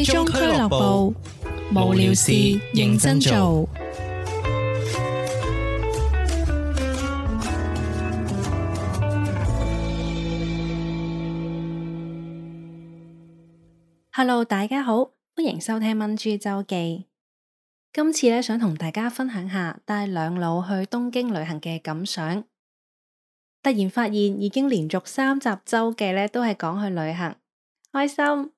最終俱樂部無聊事認真做。Hello，大家好，歡迎收聽《蚊豬週記》。今次呢，想同大家分享下帶兩老去東京旅行嘅感想。突然發現已經連續三集週記呢，都係講去旅行，開心。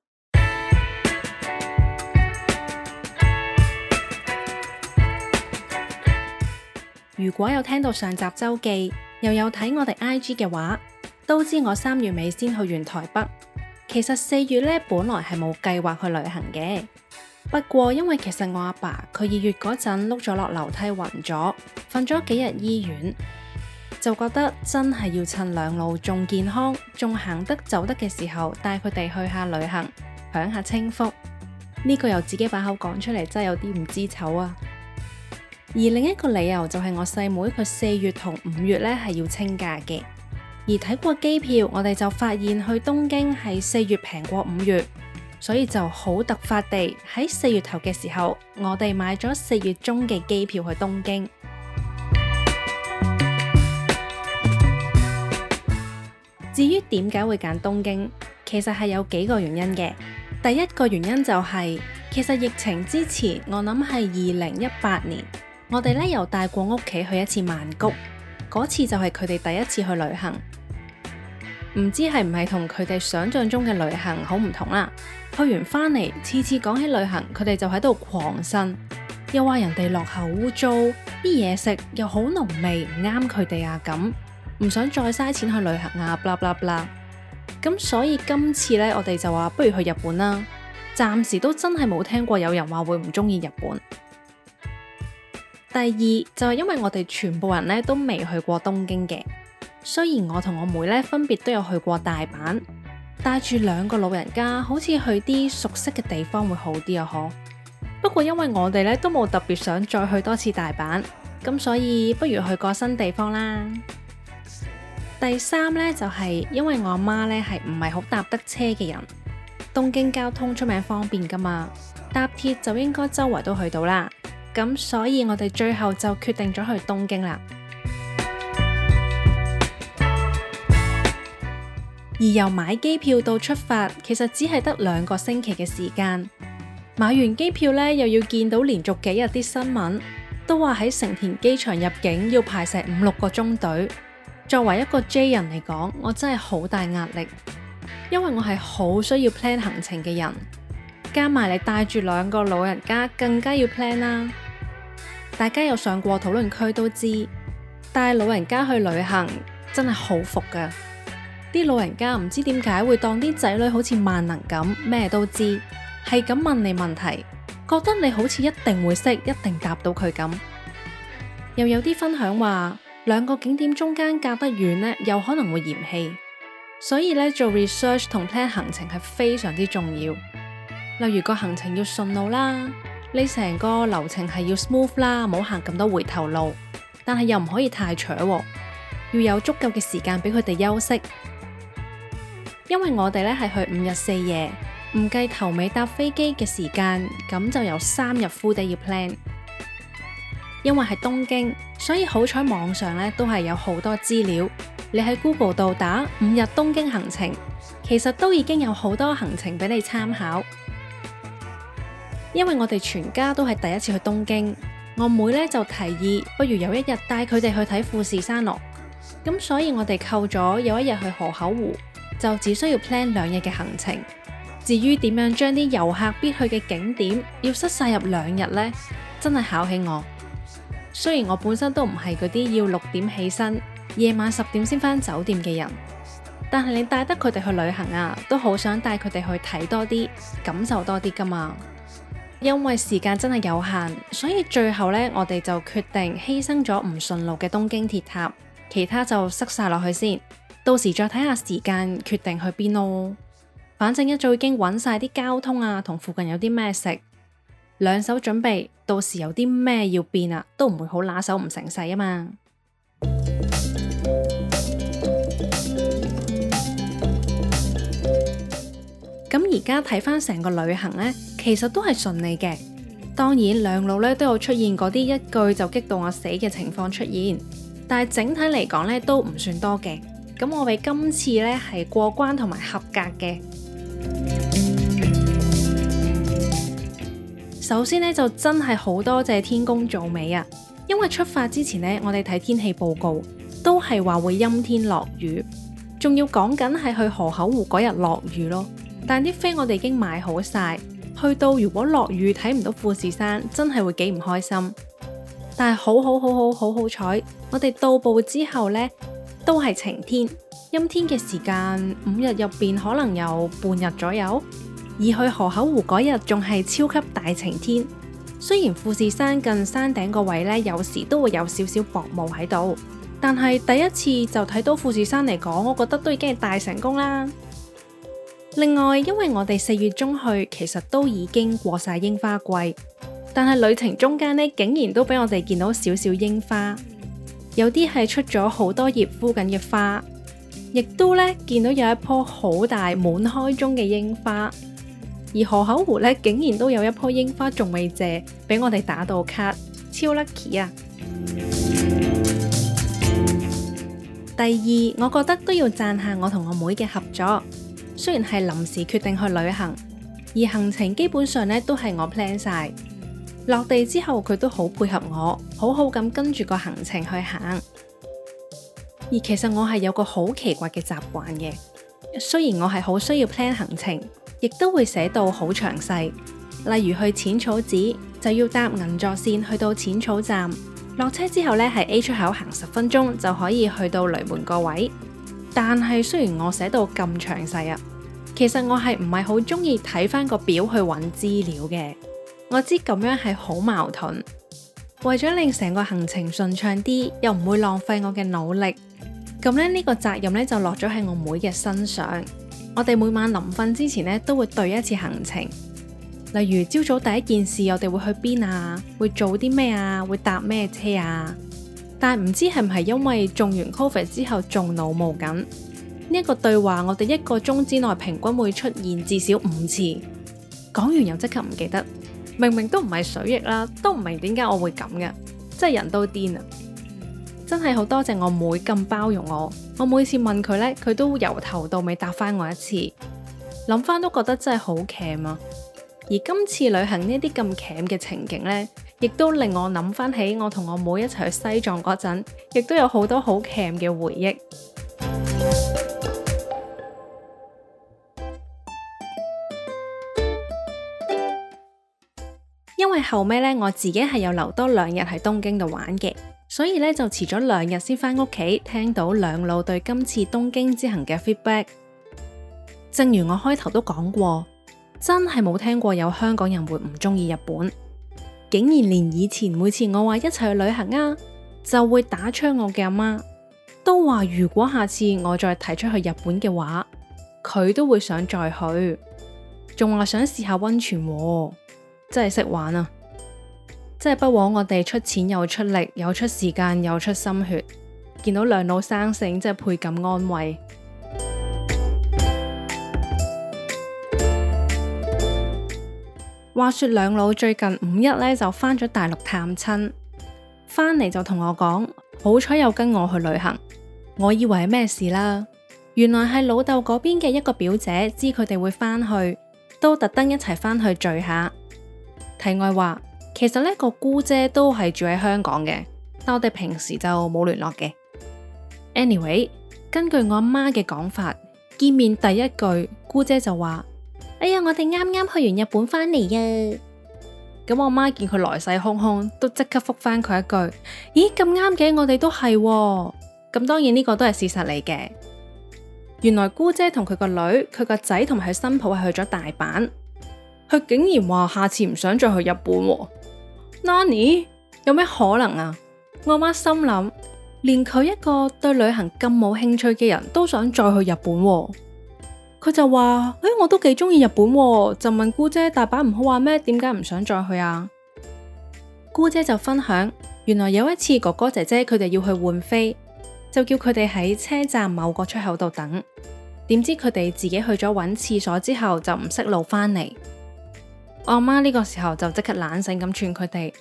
如果有聽到上集周記，又有睇我哋 IG 嘅話，都知我三月尾先去完台北。其實四月呢，本來係冇計劃去旅行嘅。不過因為其實我阿爸佢二月嗰陣碌咗落樓梯暈咗，瞓咗幾日醫院，就覺得真係要趁兩老仲健康、仲行得走得嘅時候，帶佢哋去下旅行，享下清福。呢、這個由自己把口講出嚟，真係有啲唔知醜啊！而另一個理由就係我細妹佢四月同五月呢係要清假嘅，而睇過機票，我哋就發現去東京係四月平過五月，所以就好突發地喺四月頭嘅時候，我哋買咗四月中嘅機票去東京。至於點解會揀東京，其實係有幾個原因嘅。第一個原因就係，其實疫情之前，我諗係二零一八年。我哋咧又大過屋企去一次曼谷，嗰次就係佢哋第一次去旅行，唔知係唔係同佢哋想象中嘅旅行好唔同啦、啊。去完翻嚟，次次講起旅行，佢哋就喺度狂呻，又話人哋落後污糟，啲嘢食又好濃味，唔啱佢哋啊，咁唔想再嘥錢去旅行啊，blah blah b 咁所以今次呢，我哋就話不如去日本啦。暫時都真係冇聽過有人話會唔中意日本。第二就係因為我哋全部人咧都未去過東京嘅，雖然我同我妹咧分別都有去過大阪，帶住兩個老人家，好似去啲熟悉嘅地方會好啲啊！可不過因為我哋咧都冇特別想再去多次大阪，咁所以不如去過新地方啦。第三呢，就係因為我媽咧係唔係好搭得車嘅人，東京交通出名方便噶嘛，搭鐵就應該周圍都去到啦。咁所以我哋最後就決定咗去東京啦。而由買機票到出發，其實只係得兩個星期嘅時間。買完機票呢，又要見到連續幾日啲新聞，都話喺成田機場入境要排成五、六個鐘隊。作為一個 J 人嚟講，我真係好大壓力，因為我係好需要 plan 行程嘅人。加埋你帶住兩個老人家，更加要 plan 啦。大家有上過討論區都知，帶老人家去旅行真係好服噶。啲老人家唔知點解會當啲仔女好似萬能咁，咩都知，係咁問你問題，覺得你好似一定會識，一定答到佢咁。又有啲分享話，兩個景點中間隔得遠呢，有可能會嫌棄，所以呢，做 research 同 plan 行程係非常之重要。例如個行程要順路啦，你成個流程係要 smooth 啦，冇行咁多回頭路。但係又唔可以太扯啊，要有足夠嘅時間俾佢哋休息。因為我哋咧係去五日四夜，唔計頭尾搭飛機嘅時間，咁就有三日 full day 要 plan。因為係東京，所以好彩網上咧都係有好多資料。你喺 Google 度打五日東京行程，其實都已經有好多行程俾你參考。因為我哋全家都係第一次去東京，我妹咧就提議，不如有一日帶佢哋去睇富士山落。咁所以我哋扣咗有一日去河口湖，就只需要 plan 兩日嘅行程。至於點樣將啲遊客必去嘅景點要塞晒入兩日呢？真係考起我。雖然我本身都唔係嗰啲要六點起身、夜晚十點先返酒店嘅人，但係你帶得佢哋去旅行啊，都好想帶佢哋去睇多啲、感受多啲噶嘛。因為時間真係有限，所以最後呢，我哋就決定犧牲咗唔順路嘅東京鐵塔，其他就塞晒落去先。到時再睇下時間，決定去邊咯。反正一早已經揾晒啲交通啊，同附近有啲咩食，兩手準備，到時有啲咩要變啊，都唔會好拿手唔成勢啊嘛。咁而家睇返成個旅行呢。其實都係順利嘅，當然兩老咧都有出現嗰啲一句就激到我死嘅情況出現，但係整體嚟講咧都唔算多嘅。咁我哋今次咧係過關同埋合格嘅。首先咧就真係好多謝天公做美啊，因為出發之前呢，我哋睇天氣報告都係話會陰天落雨，仲要講緊係去河口湖嗰日落雨咯。但啲飛我哋已經買好晒。去到如果落雨睇唔到富士山，真係會幾唔開心。但係好好好好好好彩，我哋到步之後呢，都係晴天，陰天嘅時間五日入邊可能有半日左右。而去河口湖嗰日仲係超級大晴天。雖然富士山近山頂個位呢，有時都會有少少薄霧喺度，但係第一次就睇到富士山嚟講，我覺得都已經係大成功啦。另外，因為我哋四月中去，其實都已經過晒櫻花季，但係旅程中間呢，竟然都俾我哋見到少少櫻花，有啲係出咗好多葉枯緊嘅花，亦都呢見到有一棵好大滿開中嘅櫻花，而河口湖呢，竟然都有一棵櫻花仲未謝，俾我哋打到卡，超 lucky 啊！ 第二，我覺得都要讚下我同我妹嘅合作。雖然係臨時決定去旅行，而行程基本上咧都係我 plan 晒。落地之後，佢都好配合我，好好咁跟住個行程去行。而其實我係有個好奇怪嘅習慣嘅，雖然我係好需要 plan 行程，亦都會寫到好詳細。例如去淺草寺就要搭銀座線去到淺草站，落車之後咧係 A 出口行十分鐘就可以去到雷門個位。但係雖然我寫到咁詳細啊。其實我係唔係好中意睇翻個表去揾資料嘅，我知咁樣係好矛盾。為咗令成個行程順暢啲，又唔會浪費我嘅努力，咁咧呢、呢個責任咧就落咗喺我妹嘅身上。我哋每晚臨瞓之前咧都會對一次行程，例如朝早第一件事我哋會去邊啊，會做啲咩啊，會搭咩車啊。但係唔知係唔係因為中完 COVID 之後仲腦霧緊。呢一個對話，我哋一個鐘之內平均會出現至少五次。講完又即刻唔記得，明明都唔係水逆啦，都唔明點解我會咁嘅，真係人都癲啊！真係好多謝我妹咁包容我。我每次問佢呢，佢都由頭到尾答翻我一次。諗翻都覺得真係好 cam 啊！而今次旅行呢啲咁 cam 嘅情景呢，亦都令我諗翻起我同我妹一齊去西藏嗰陣，亦都有好多好 cam 嘅回憶。因為後尾咧，我自己係有留多兩日喺東京度玩嘅，所以咧就遲咗兩日先返屋企，聽到兩老對今次東京之行嘅 feedback。正如我開頭都講過，真係冇聽過有香港人會唔中意日本，竟然連以前每次我話一齊去旅行啊，就會打槍我嘅阿媽,媽，都話如果下次我再提出去日本嘅話，佢都會想再去，仲話想試下温泉喎。真係識玩啊！真係不枉我哋出錢又出力，又出時間又出心血，見到兩老生性，真係倍感安慰。 話說兩老最近五一呢就返咗大陸探親，返嚟就同我講，好彩有跟我去旅行。我以為係咩事啦，原來係老豆嗰邊嘅一個表姐知佢哋會返去，都特登一齊返去聚下。題外話，其實呢個姑姐都係住喺香港嘅，但我哋平時就冇聯絡嘅。Anyway，根據我阿媽嘅講法，見面第一句姑姐就話：哎呀，我哋啱啱去完日本翻嚟啊！咁我媽見佢來勢洶洶，都即刻復翻佢一句：咦，咁啱嘅，我哋都係。咁當然呢個都係事實嚟嘅。原來姑姐同佢個女、佢個仔同佢新抱係去咗大阪。佢竟然話下次唔想再去日本喎。Nani 有咩可能啊？我媽心諗，連佢一個對旅行咁冇興趣嘅人都想再去日本喎。佢就話：，哎、欸，我都幾中意日本喎。就問姑姐大把唔好玩咩？點解唔想再去啊？姑姐就分享，原來有一次哥哥姐姐佢哋要去換飛，就叫佢哋喺車站某個出口度等。點知佢哋自己去咗揾廁所之後，就唔識路返嚟。我阿媽呢個時候就即刻懶醒咁串佢哋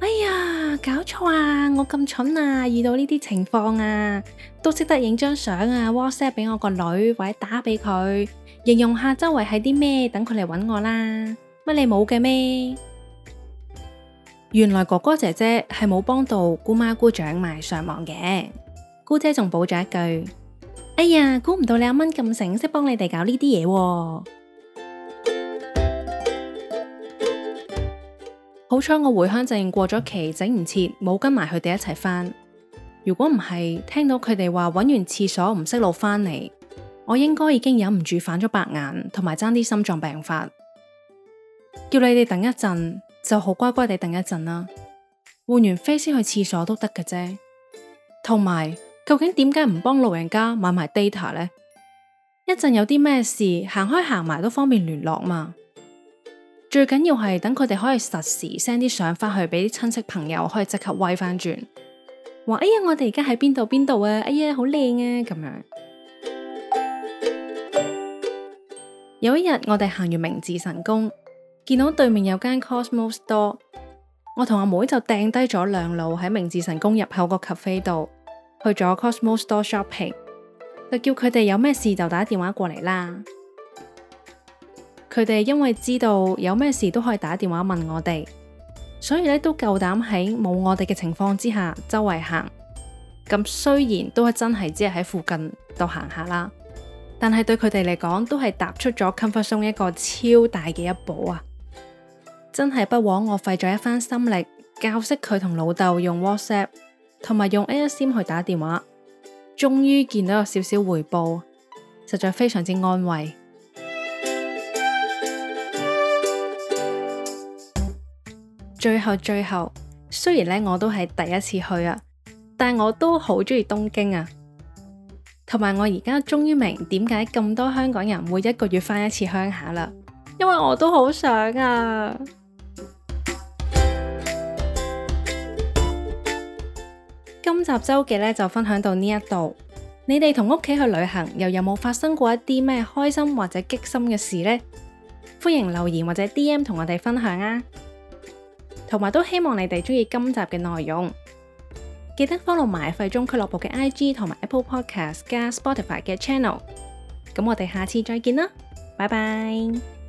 哎呀，搞錯啊！我咁蠢啊，遇到呢啲情況啊，都識得影張相啊，WhatsApp 俾我個女或者打俾佢，形容下周圍係啲咩，等佢嚟搵我啦。乜你冇嘅咩？原來哥哥姐姐係冇幫到姑媽姑丈埋上網嘅，姑姐仲補咗一句，哎呀，估唔到你阿蚊咁醒，識幫你哋搞呢啲嘢。好彩我回鄉證過咗期，整唔切，冇跟埋佢哋一齊返。如果唔係，聽到佢哋話搵完廁所唔識路返嚟，我應該已經忍唔住反咗白眼，同埋爭啲心臟病發。叫你哋等一陣，就好乖乖地等一陣啦。換完飛先去廁所都得嘅啫。同埋，究竟點解唔幫老人家買埋 data 呢？一陣有啲咩事，行開行埋都方便聯絡嘛。最緊要係等佢哋可以實時 send 啲相翻去俾啲親戚朋友，可以即刻威翻轉。話，哎呀，我哋而家喺邊度邊度啊！哎呀，好靚啊！咁樣 有一日，我哋行完明治神宮，見到對面有間 Cosmos Store，我同阿妹，妹就掟低咗兩路喺明治神宮入口個咖啡度去咗 Cosmos Store shopping，就叫佢哋有咩事就打電話過嚟啦。佢哋因為知道有咩事都可以打電話問我哋，所以咧都夠膽喺冇我哋嘅情況之下周圍行。咁雖然都係真係只係喺附近度行下啦，但係對佢哋嚟講都係踏出咗 comfort zone 一個超大嘅一步啊！真係不枉我費咗一番心力教識佢同老豆用 WhatsApp 同埋用 A1C 去打電話，終於見到有少少回報，實在非常之安慰。最後最後，雖然咧我都係第一次去啊，但我都好中意東京啊。同埋，我而家終於明點解咁多香港人會一個月返一次鄉下啦，因為我都好想啊。 今集周記咧就分享到呢一度，你哋同屋企去旅行又有冇發生過一啲咩開心或者激心嘅事呢？歡迎留言或者 DM 同我哋分享啊！同埋都希望你哋中意今集嘅內容，記得 follow 埋廢中俱樂部嘅 IG 同埋 Apple Podcast 加 Spotify 嘅 channel。咁我哋下次再見啦，拜拜！